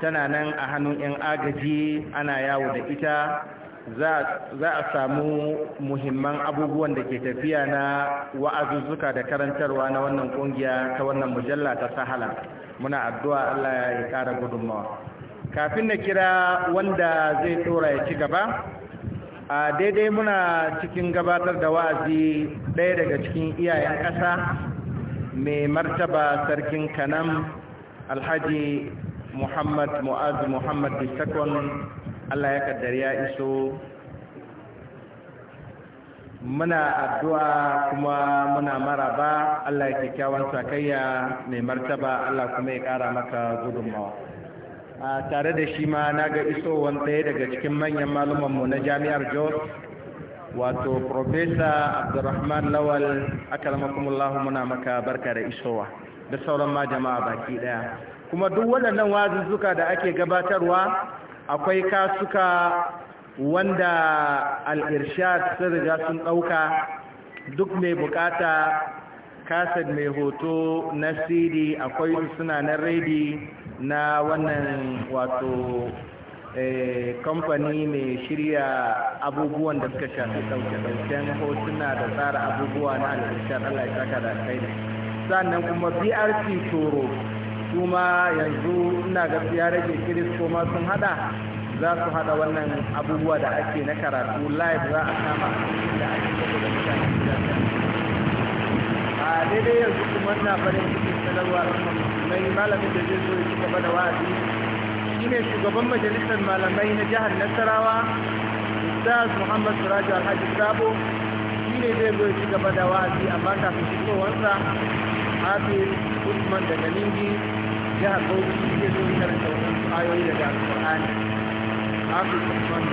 tana nan a hannun 'yan agaji ana yawo da ita za a samu muhimman abubuwan da ke tafiya na wa'azuzzuka da karantarwa na wannan ƙungiya ta wannan mujalla ta sahala muna addu'a Allah ya kara gudunmawa kafin na kira wanda zai tsora ya ci gaba a daidai muna cikin gabatar da wa'azi ɗaya daga cikin iyayen ƙasa mai martaba sarkin kanam alhaji muhammad mu'azu muhammad di second allah ya kaddari ya iso muna addu'a kuma muna maraba allah ya kyakkyawan sakayya mai martaba allah kuma ya kara maka gudunmawa a tare da shi ma na ga isowan ɗaya daga cikin manyan malumanmu na jami'ar jos wato profesa abdurrahman lawal akalmakumullahu muna maka barka da isowa da sauran ma jama'a baki ɗaya kuma duk waɗannan wazuzzuka da ake gabatarwa akwai kasuka wanda al'irshad sun riga sun ɗauka duk mai bukata kasar mai hoto na cd akwai suna na redi na wannan wato eh, kamfani mai shirya abubuwan da suka shafi ɗauke-ɗauken hotuna da tsara abubuwa na al'irshad allah ya saka da kai sannan kuma brc toro su ma yanzu ina gaskiya rage ko ma sun hada za su hada wannan abubuwa da ake na karatu live za a kama da ake saboda mutane a daidai yanzu kuma na farin cikin sanarwa mai malamin da zai zo ya ci gaba da wa'azi shine shugaban majalisar malamai na jihar nasarawa ustaz muhammad suraju alhaji sabo shine zai zo ya ci gaba da wa'azi amma kafin fitowarsa hafi usman daga ningi jihar bauchi zai zo karanta wasu ayoyi daga alƙur'ani hafiz usman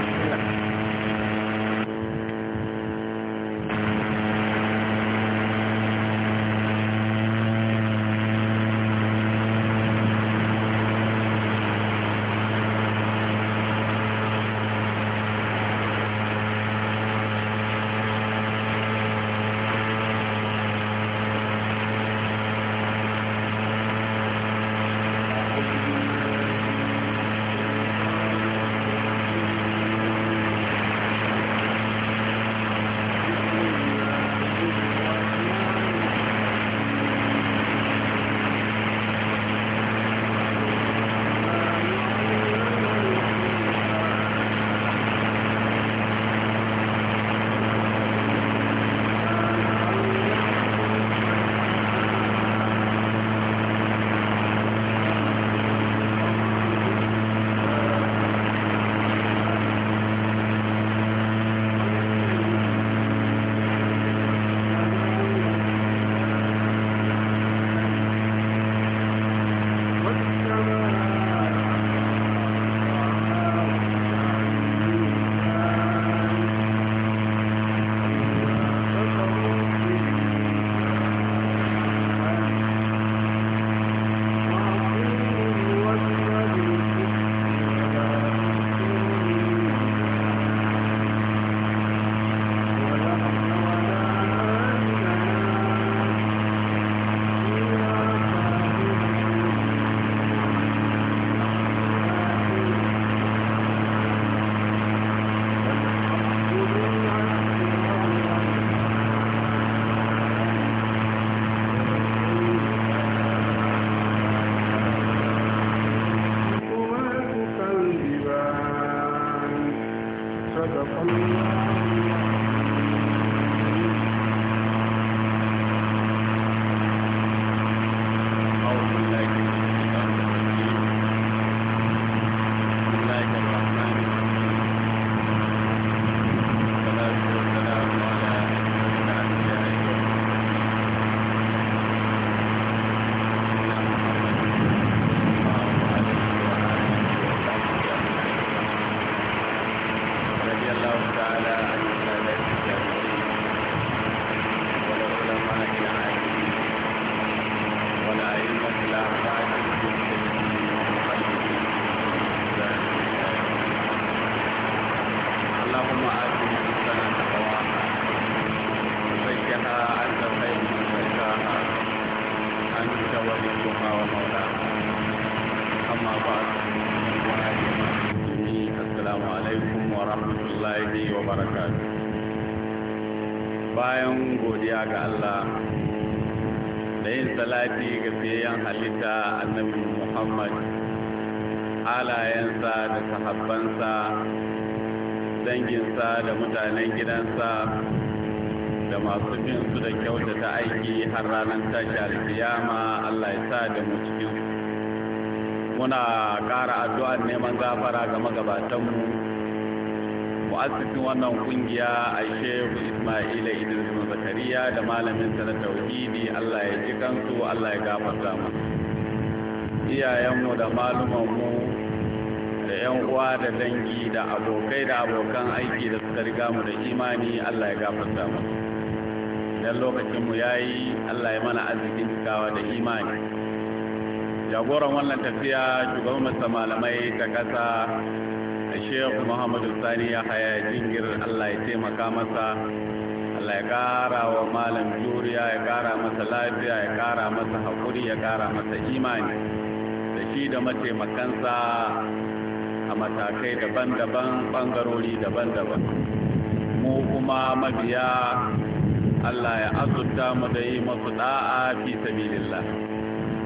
rahmatullahi wa barakatu bayan godiya ga Allah da yin salati ga biyan halitta annabi Muhammad halayensa da sahabbansa danginsa da mutanen gidansa da masu su da kyautata aiki har ranar tashi alkiyama Allah ya sa da mu cikin muna ƙara addu'ar neman gafara ga magabatanmu mu'assifin wannan kungiya a shehu ismaila idris zakariya da malamin ta na tauhidi allah ya ji kansu allah ya gafarta mu iyayenmu da malumanmu da yan uwa da dangi da abokai da abokan aiki da suka riga mu da imani allah ya gafarta mu idan lokacinmu ya yi allah ya mana arzikin cikawa da imani jagoran wannan tafiya shugaban masa malamai ta ƙasa da shehu muhammadu sani ya haya jingir allah ya taimaka masa allah ya kara wa malam juriya ya kara masa lafiya ya kara masa haƙuri ya kara masa imani da shi da mataimakansa a matakai daban-daban ɓangarori daban-daban mu kuma mabiya allah ya azurta mu da yi masu da'a fi sabilillah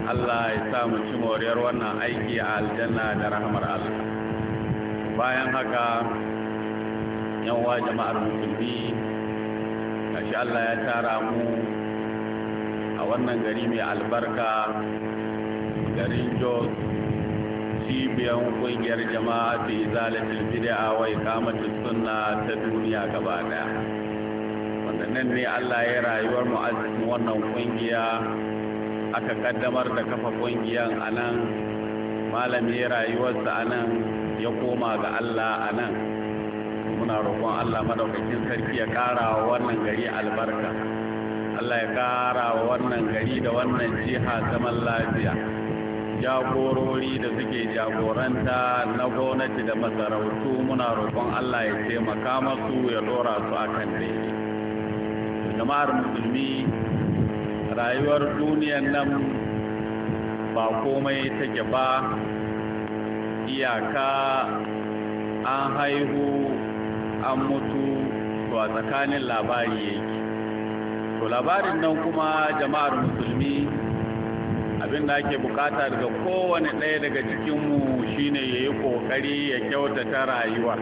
Allah ya sa mu ci moriyar wannan aiki a aljanna da rahmar Allah. bayan haka yawa jama'ar musulmi kashi Allah ya tara mu a wannan gari mai albarka garin jos cibiyar kungiyar jama'a ta izalatul bid'a wa iqamatus sunna ta duniya gaba daya wanda nan ne Allah ya rayuwar mu wannan kungiya aka kaddamar da kafa kungiyan anan malami ya rayuwarsa anan ya koma ga Allah a nan muna roƙon Allah madaukakin sarki ya ƙara wa wannan gari albarka Allah ya ƙara wa wannan gari da wannan jiha zaman lafiya jagorori da suke jagoranta na gwamnati da masarautu muna roƙon Allah ya taimaka masu ya dora su a kan jama'ar musulmi rayuwar duniyan nan ba komai take ba iyaka an haihu an mutu to a tsakanin labari yake to labarin nan kuma jama'ar musulmi abin da ake bukata daga kowane ɗaya daga cikinmu shine ya yi ƙoƙari ya kyautata rayuwa.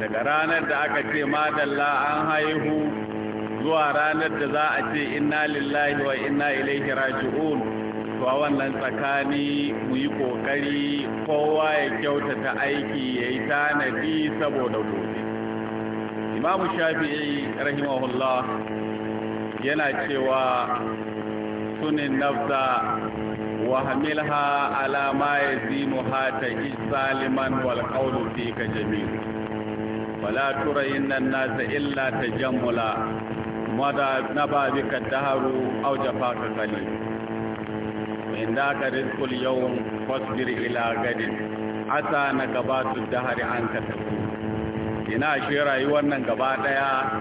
daga ranar da aka ce madalla an haihu zuwa ranar da za a ce inna lillahi wa inna ilaihi raji'un to a wannan tsakani mu yi kokari kowa ya kyautata aiki ya yi tanadi saboda gobe imamu shafi'i rahimahullah yana cewa sunin nafsa wa hamilha ala ma yazinu hata saliman wal qawlu fika jamil ولا ترين الناس إلا تجملا ماذا نبى بك الدهر أو ka kalli. عندك رزق اليوم فاصبر إلى غد عسى نقبات الدهر عنك ina shi rayuwar nan gaba daya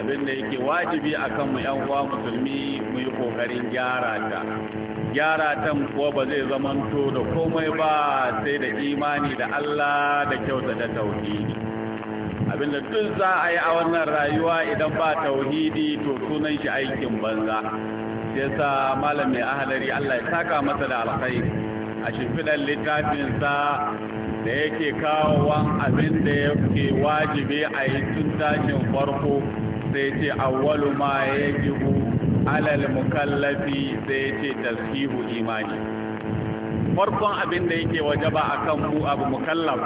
abin da yake wajibi akan mu yan uwa musulmi mu yi kokarin gyara ta gyara ta kuwa ba zai zamanto da komai ba sai da imani da Allah da kyauta da tauhidi abin da duk za a yi a wannan rayuwa idan ba tauhidi to sunan shi aikin banza shi yasa malam mai ahalari Allah ya saka masa da alkhairi a shimfiɗar littafinsa da yake kawowa abin da yake wajibi a yi tun tashin farko sai ce awwalu ma yajibu alal mukallafi sai ce tashihu imani farkon abin da yake wajaba akan mu abu mukallaf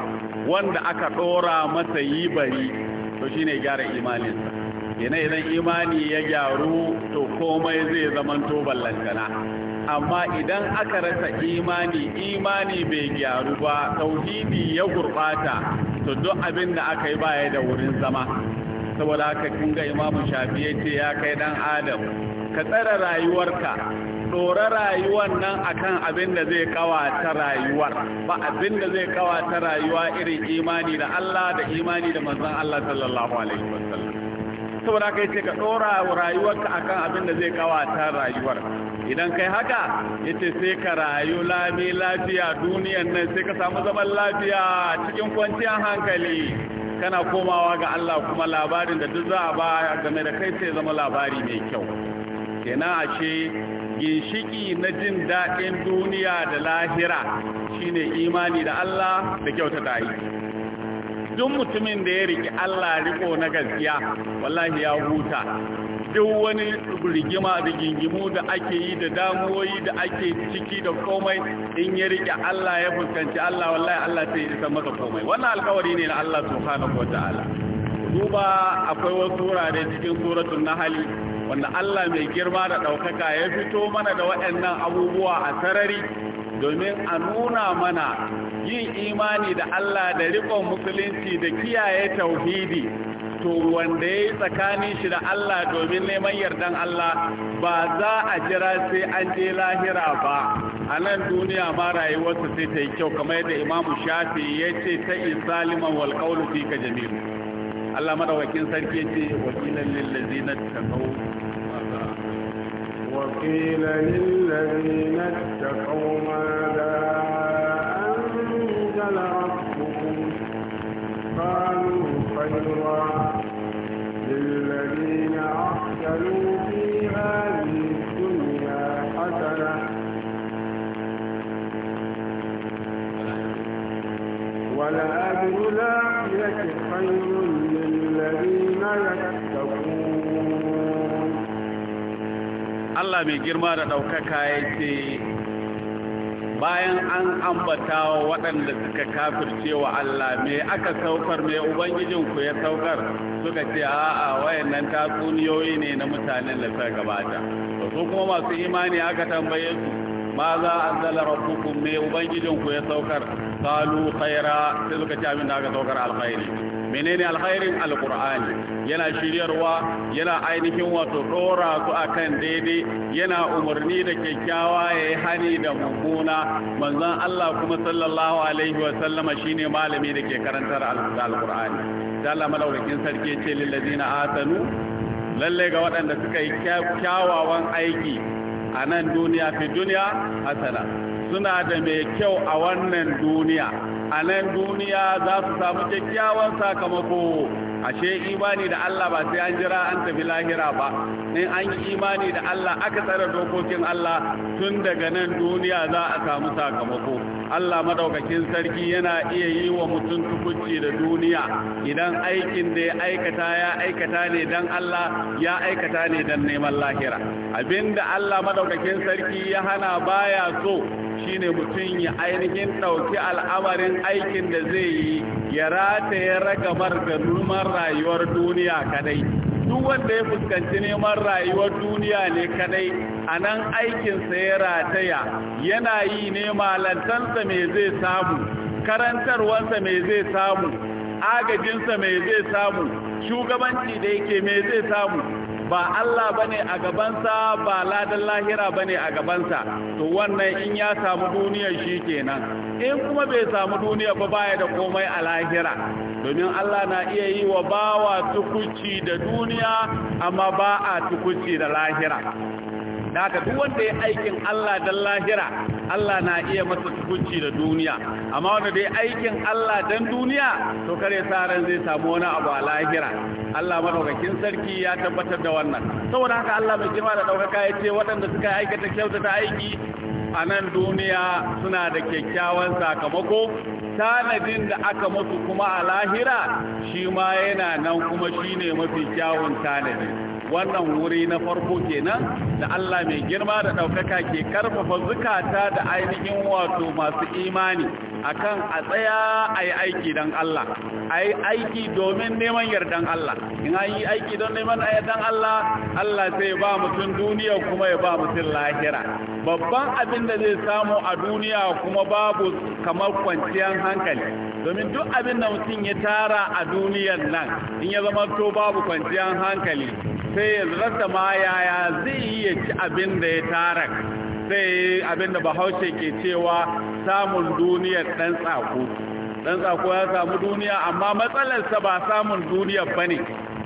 wanda aka ɗora masa yi bari to shine gyara imaninsa ina idan imani ya gyaru to komai zai zamanto ballantana amma idan aka rasa imani imani bai gyaru ba tauhidi ya gurbata to duk abin da aka yi baya da wurin zama saboda haka kin ga imamu shafi ya ce ya kai dan adam ka tsara rayuwarka tsora rayuwar nan akan abin da zai kawata rayuwar ba abin da zai kawata rayuwa irin imani da Allah da imani da manzon Allah sallallahu alaihi wasallam saboda haka ce ka dora rayuwarka akan abin da zai kawata rayuwar idan kai haka yace sai ka rayu lami lafiya duniyar nan sai ka samu zaman lafiya cikin kwanciyar hankali kana komawa ga Allah kuma labarin da duk za a ba game da kai sai zama labari mai kyau kenan ashe ginshiki na jin daɗin duniya da lahira shine imani da Allah da kyautata aiki duk mutumin da ya riki Allah riko na gaskiya wallahi ya huta duk wani rigima da gingimu da ake yi da damuwoyi da ake ciki da komai in ya rike Allah ya fuskanci Allah wallahi Allah sai ya san masa komai wannan alkawari ne na Allah subhanahu wataala duba akwai wasu wurare cikin suratul nahl wanda Allah mai girma da daukaka ya fito mana da waɗannan abubuwa a sarari domin a nuna mana yin imani da Allah da rikon musulunci da kiyaye tauhidi to wanda ya yi tsakanin shi da Allah domin neman yardan Allah ba za a jira sai an je lahira ba a nan duniya ma rayuwarsa sai ta yi kyau kamar yadda imamu shafi ya ce ta isa liman wal fi ka jami'u Allah madawakin sarki ya ce wakilan lillazina taqaw وقيل كانوا خيرا للذين أحسنوا في هذه الدنيا حسنة ولأجر الآخرة خير للذين يتقون الله من جرمان أو bayan an ambata waɗanda suka kafirce wa Allah me aka saukar me ubangijinku ya saukar suka ce a'a wayannan tatsuniyoyi ne na mutanen da suka gabata to su kuma masu imani aka tambaye su ma za a zala rabbukum me ubangijinku ya saukar kalu khaira sai suka ce abin da aka saukar alkhairi menene alkhairin alkur'ani yana shiryarwa yana ainihin wato dora su akan daidai yana umarni da kyakkyawa yi hani da mummuna manzon Allah kuma sallallahu alaihi wa sallama shine malami da ke karantar alqur'ani da Allah malaukakin sarki ce lil atanu lalle ga waɗanda suka yi kyawawan aiki a nan duniya fi duniya hasana suna da mai kyau a wannan duniya a nan duniya za su samu kyakkyawan sakamako ashe imani da Allah ba sai an jira an tafi lahira ba in an yi imani da Allah aka tsara dokokin Allah tun daga nan duniya za a samu sakamako Allah madaukakin sarki yana iya yi wa mutum tukunci da duniya idan aikin da ya aikata ya aikata ne dan Allah ya aikata ne dan neman lahira abinda Allah madaukakin sarki ya hana baya so shine mutum ya ainihin ɗauki al'amarin aikin da zai yi ya ya ragamar da neman rayuwar duniya kadai duk wanda ya fuskanci neman rayuwar duniya ne kadai a nan aikinsa ya rataya yana yi ne malantansa mai zai samu Karantarwansa mai zai samu agajinsa mai zai samu shugabanci da yake mai zai samu ba Allah bane a gabansa ba ladan lahira bane a gabansa to wannan in ya samu duniya shi kenan in kuma bai samu duniya ba baya da komai a lahira domin Allah na iya yi wa bawa tukuci da duniya amma ba a tukuci da lahira da duk wanda ya aikin Allah dan lahira Allah na iya masa hukunci da duniya amma wanda dai aikin Allah dan duniya to kare sa ran zai samu wani abu a lahira Allah madaukakin sarki ya tabbatar da wannan saboda haka Allah mai girma da daukaka ya ce waɗanda suka aikata kyautata aiki a nan duniya suna da kyakkyawan sakamako tanadin da aka musu kuma a lahira shi ma yana nan kuma shine mafi kyawun tanadin wannan wuri na farko kenan da Allah mai girma da ɗaukaka ke karfafa zukata da ainihin wato masu imani akan a tsaya a yi aiki don Allah a yi aiki domin neman yardan Allah in an yi aiki don neman yardan Allah Allah sai ba mutum duniya kuma ya ba mutum lahira babban abin da zai samu a duniya kuma babu kamar kwanciyar hankali domin duk abin da mutum ya tara a duniyar nan in ya zama to babu kwanciyar hankali sai ya rasa ma yaya zai iya ci abin da ya tara sai abin da bahaushe ke cewa samun duniyar ɗan tsako ɗan tsako ya samu duniya amma matsalarsa ba samun duniya ba ne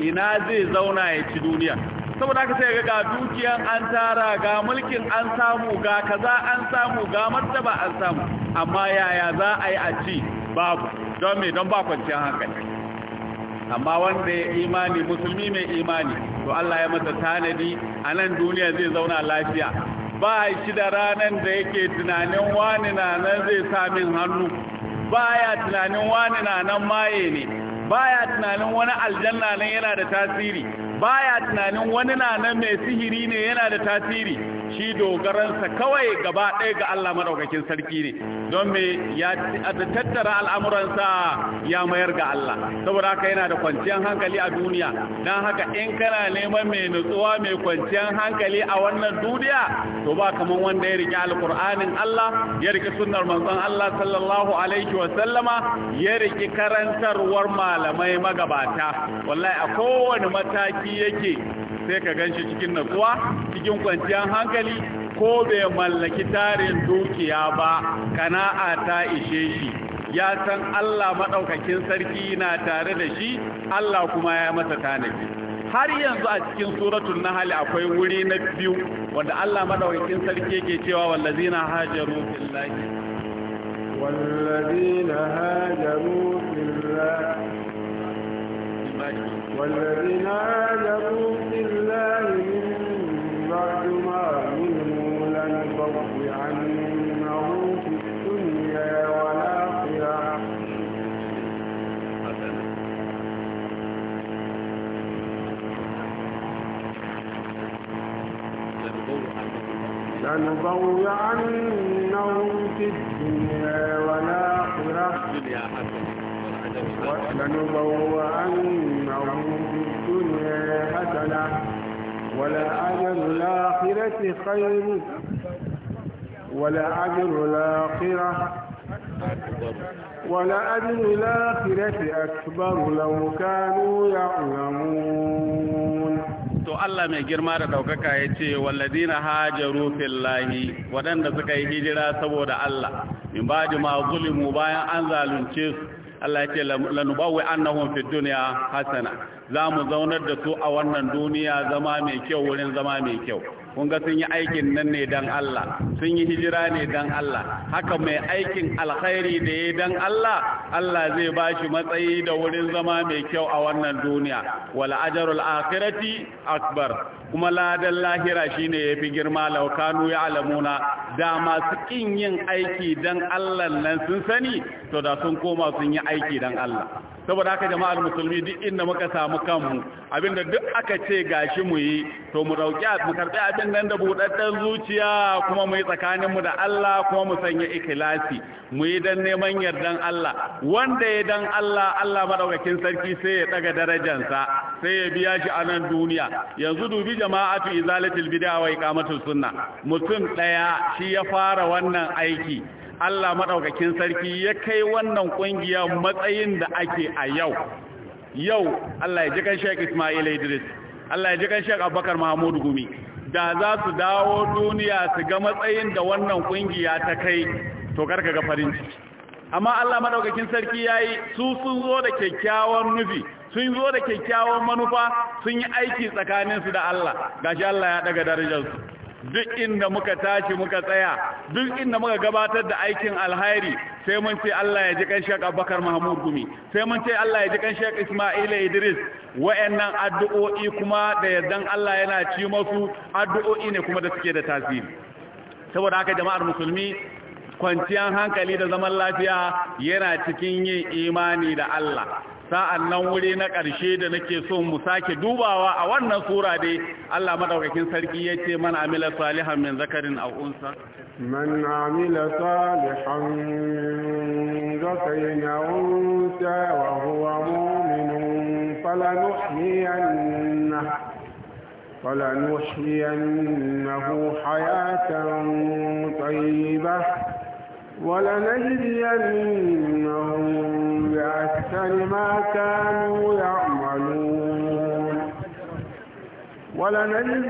ina zai zauna ya ci duniya saboda haka sai ga dukiyan an tara ga mulkin an samu ga kaza an samu ga martaba an samu amma yaya za a yi a ci babu don me don ba kwanciyar hankali amma wanda ya imani musulmi mai imani to Allah ya masa tanadi a nan duniya zai zauna lafiya ba shi da ranar da yake tunanin wani na nan zai sa min hannu ya tunanin wani na nan maye ne Ba ya tunanin wani aljanna nan yana da tasiri Ba ya tunanin wani na nan mai sihiri ne yana da tasiri shi dogaransa kawai gaba ɗaya ga Allah maɗaukakin sarki ne don me ya tattara al'amuransa ya mayar ga Allah saboda haka yana da kwanciyar hankali a duniya don haka in kana neman mai nutsuwa mai kwanciyar hankali a wannan duniya to ba kaman wanda ya riƙe alƙur'anin Allah ya riƙe sunnar manzon Allah sallallahu alaihi wa sallama ya riƙe karantarwar malamai magabata wallahi a kowane mataki yake sai ka gan shi cikin natsuwa cikin kwanciyar hankali ko bai mallaki tarin dukiya ba kana'a ta ishe shi ya san Allah maɗaukakin sarki na tare da shi Allah kuma ya masa tanaki har yanzu a cikin suratul nahl akwai wuri na biyu wanda Allah maɗaukakin sarki yake cewa wallazina hajaru fillahi wallazina hajaru fillahi wallazina hajaru لنبوئنهم في الدنيا والآخرة لنبوئنهم في الدنيا حسنة ولأجر الآخرة خير ولأجر الآخرة ولأجر الآخرة أكبر لو كانوا يعلمون to Allah mai girma da ɗaukaka ya ce walladina hajaru fillahi waɗanda suka yi hijira saboda Allah in ba ji zulimu bayan an zalunce su Allah ya ce lanubawi annahum fid dunya hasana za mu zaunar da su a wannan duniya zama mai kyau wurin zama mai kyau kun ga sun yi aikin nan ne dan Allah sun yi hijira ne dan Allah haka mai aikin alkhairi da ya dan Allah Allah zai ba shi matsayi da wurin zama mai kyau a wannan duniya wal ajrul akhirati akbar kuma ladan lahira shine yafi girma laukanu ya alamuna. da masu kin yin aiki dan Allah nan sun sani to da sun koma sun yi aiki dan Allah saboda haka jama'ar musulmi duk inda muka samu kanmu abinda duk aka ce gashi mu yi to mu dauki mu karbi abin ikhlasin nan da buɗaɗɗen zuciya kuma mu yi tsakaninmu da Allah kuma mu sanya ikhlasi mu yi dan neman yardan Allah wanda ya dan Allah Allah madaukakin sarki sai ya daga darajansa sai ya biya shi a nan duniya yanzu dubi jama'atu izalatul bid'a wa iqamatus sunna mutum daya shi ya fara wannan aiki Allah madaukakin sarki ya kai wannan kungiya matsayin da ake a yau yau Allah ya ji kan Sheikh Ismail Idris Allah ya ji kan Sheikh Abubakar Mahmud Gumi da za su dawo duniya su ga matsayin da wannan kungiya ta kai to ka ga farin ciki amma Allah madaukakin sarki yayi su sun zo da kyakkyawan nufi sun zo da kyakkyawan manufa sun yi aiki tsakaninsu da Allah gashi Allah ya daga darajar su duk inda muka tashi muka tsaya duk inda muka gabatar da aikin alhairi sai mun ce Allah ya ji kanshek Abubakar Mahmud Gumi sai mun ce Allah ya ji kanshek Ismaila Idris wayannan addu'o'i kuma da yardan Allah yana ci masu addu'o'i ne kuma da suke da tasiri saboda haka jama'ar musulmi kwanciyar hankali da zaman lafiya yana cikin yin imani da Allah sa'annan wuri na ƙarshe da nake so mu sake dubawa a wannan sura dai Allah madaukakin sarki yace man amila salihan min zakarin aw unsa man amila salihan zakarin aw unsa wa huwa mu'minun falanuhyiyannahu فلنحيينه حياة طيبة ولنجزينهم أكثر ما كانوا يعملون ولنجزينهم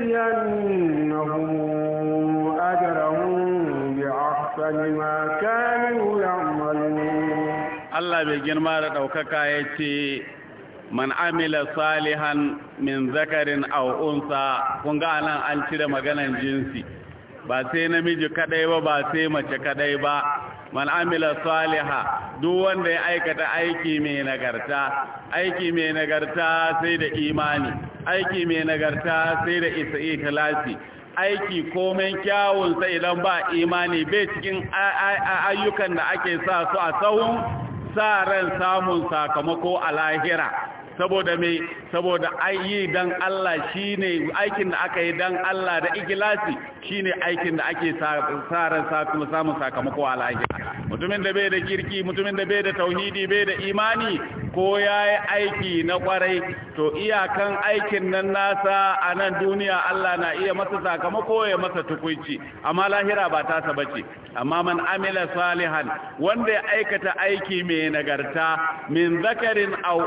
أجرهم بأحسن ما كانوا يعملون الله بجن ما رأوكك man amila salihan min zakarin aw unsa kun ga nan an cire maganan jinsi ba sai namiji kadai ba ba sai mace kadai ba man amila saliha duk wanda ya aikata aiki mai nagarta aiki mai nagarta sai da imani aiki mai nagarta sai da ikhlasi aiki komen kyawunsa idan ba imani bai cikin ayyukan da ake sa su a tsawon sa ran samun sakamako a lahira saboda me saboda ayi dan Allah shine aikin da aka yi dan Allah da ikhlasi shine aikin da ake sa ran samun sakamako a lahira mutumin da bai da kirki mutumin da bai da tauhidi bai da imani ko ya yi aiki na kwarai to iyakan aikin nan nasa a nan duniya Allah na iya masa sakamako ya masa tukunci amma lahira ba ta saba bace amma man amila salihan wanda ya aikata aiki mai nagarta min zakarin aw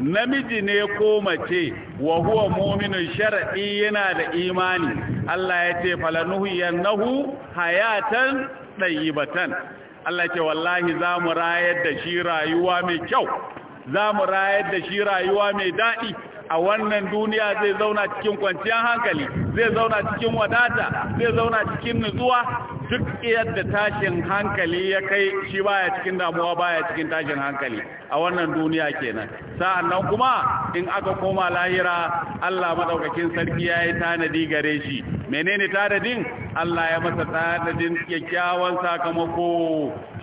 namiji ne ko mace wa huwa mu'minun shar'i yana da imani Allah ya ce falanuhu yanahu hayatan ɗayyibatan Allah ce wallahi za mu rayar da shi rayuwa mai kyau za mu rayar da shi rayuwa mai daɗi a wannan duniya zai zauna cikin kwanciyar hankali zai zauna cikin wadata zai zauna cikin nutsuwa duk yadda tashin hankali ya kai shi baya cikin damuwa baya cikin tashin hankali a wannan duniya kenan nan kuma in aka koma lahira Allah madaukakin sarki ya yi tanadi gare shi menene tanadin Allah ya masa tanadin kyakkyawan sakamako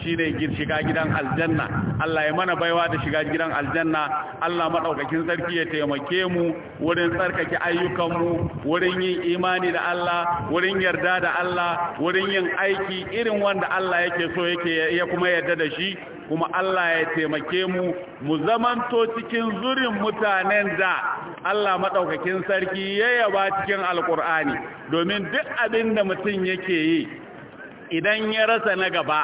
shine shiga gidan aljanna Allah ya mana baiwa da shiga gidan aljanna Allah madaukakin sarki ya taimake mu wurin tsarkake ayyukan mu wurin yin imani da Allah wurin yarda da Allah wurin yin aiki irin wanda Allah yake so yake ya kuma yarda da shi kuma Allah ya taimake mu mu zamanto cikin zurin mutanen da Allah madaukakin sarki ya yaba cikin alkur'ani domin duk abin da mutum yake yi idan ya rasa na gaba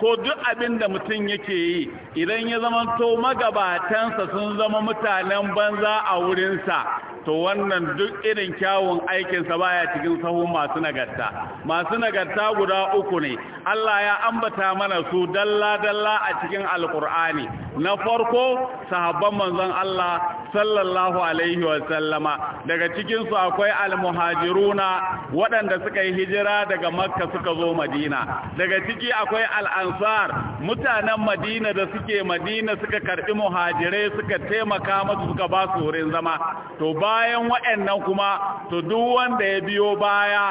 ko duk abin da mutum yake yi idan ya zamanto magabatansa sun zama mutanen banza a wurinsa to wannan duk irin kyawun aikinsa baya cikin sahun masu nagarta masu nagarta guda uku ne Allah ya ambata mana su dalla-dalla a cikin alkur'ani na farko sahabban manzon Allah sallallahu alaihi wasallama daga cikinsu akwai almuhajiruna waɗanda suka yi hijira daga makka suka zo madina daga ciki akwai al'ansar mutanen madina da suke madina suka karɓi muhajirai suka taimaka masu suka ba su wurin zama to bayan waɗannan kuma to duk wanda ya biyo baya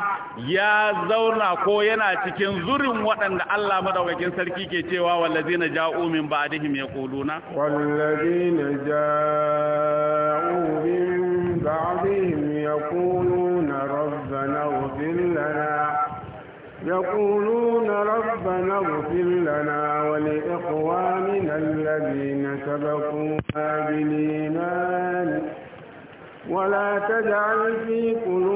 ya zauna ko yana cikin zurin waɗanda Allah madaukakin sarki ke cewa wallazina ja'u min ba'dihim yaquluna wallazina ja'u يقولون ربنا اغفر لنا ولإخواننا الذين سبقوا بالإيمان ولا تجعل في قلوبنا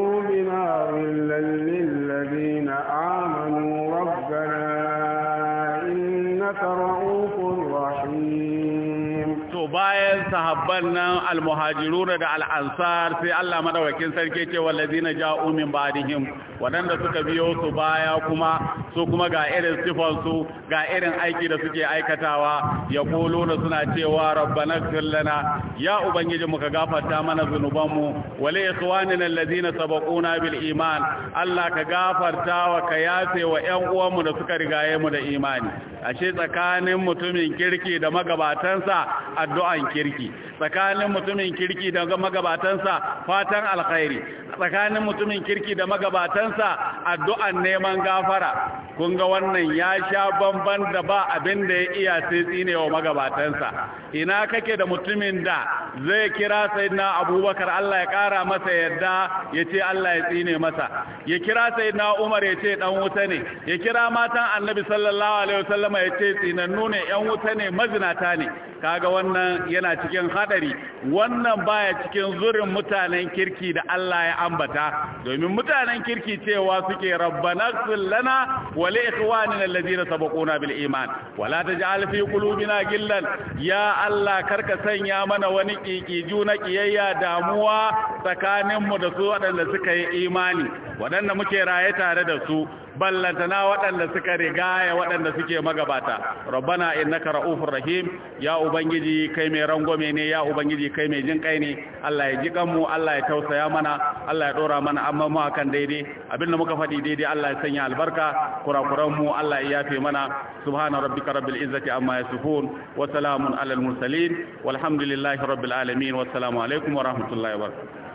sahabban nan almuhajirun da al'ansar sai Allah madawakin sarki ce Umin ba min ba'dihim waɗanda suka biyo su baya kuma su kuma ga irin sifonsu ga irin aiki da suke aikatawa ya da suna cewa rabbanar ighfir ya ubangiji muka gafarta mana zunubanmu wala ikhwanina allazina sabaquna bil iman Allah ka gafarta wa ka yafe wa 'yan uwanmu da suka rigaye mu da imani ashe tsakanin mutumin kirki da magabatansa addu'an kirki kirki tsakanin mutumin kirki da magabatansa fatan alkhairi tsakanin mutumin kirki da magabatansa addu'an neman gafara kun ga wannan ya sha bamban da ba abin da ya iya sai tsinewa magabatansa ina kake da mutumin da zai kira na abubakar Allah ya kara masa yadda ya ce Allah ya tsine masa ya kira na umar ya ce dan wuta ne ya kira matan annabi sallallahu alaihi wasallama ya ce tsinannu ne yan wuta ne mazinata ne kaga wannan yana cikin hadari wannan baya cikin zurin mutanen kirki da Allah ya ambata domin mutanen kirki cewa suke rabbana ighfir lana wa li ikhwanina alladhina sabaquna bil iman Wala la taj'al fi qulubina gillan ya Allah karka sanya mana wani kikiju na kiyayya damuwa tsakaninmu da su waɗanda suka yi imani waɗanda muke raye tare da su ballantana waɗanda suka rigaya waɗanda suke magabata rabbana innaka ra'ufur rahim ya ubangiji kai mai rangwame ne ya ubangiji kai mai jin kai ne Allah ya ji kanmu Allah ya tausaya mana Allah ya dora mana amma mu akan daidai abinda muka faɗi daidai Allah ya sanya albarka kurakuran mu Allah ya yafe mana subhana rabbika rabbil izzati amma yasifun wa salamun alal mursalin walhamdulillahi rabbil alamin wassalamu alaikum wa rahmatullahi wa barakatuh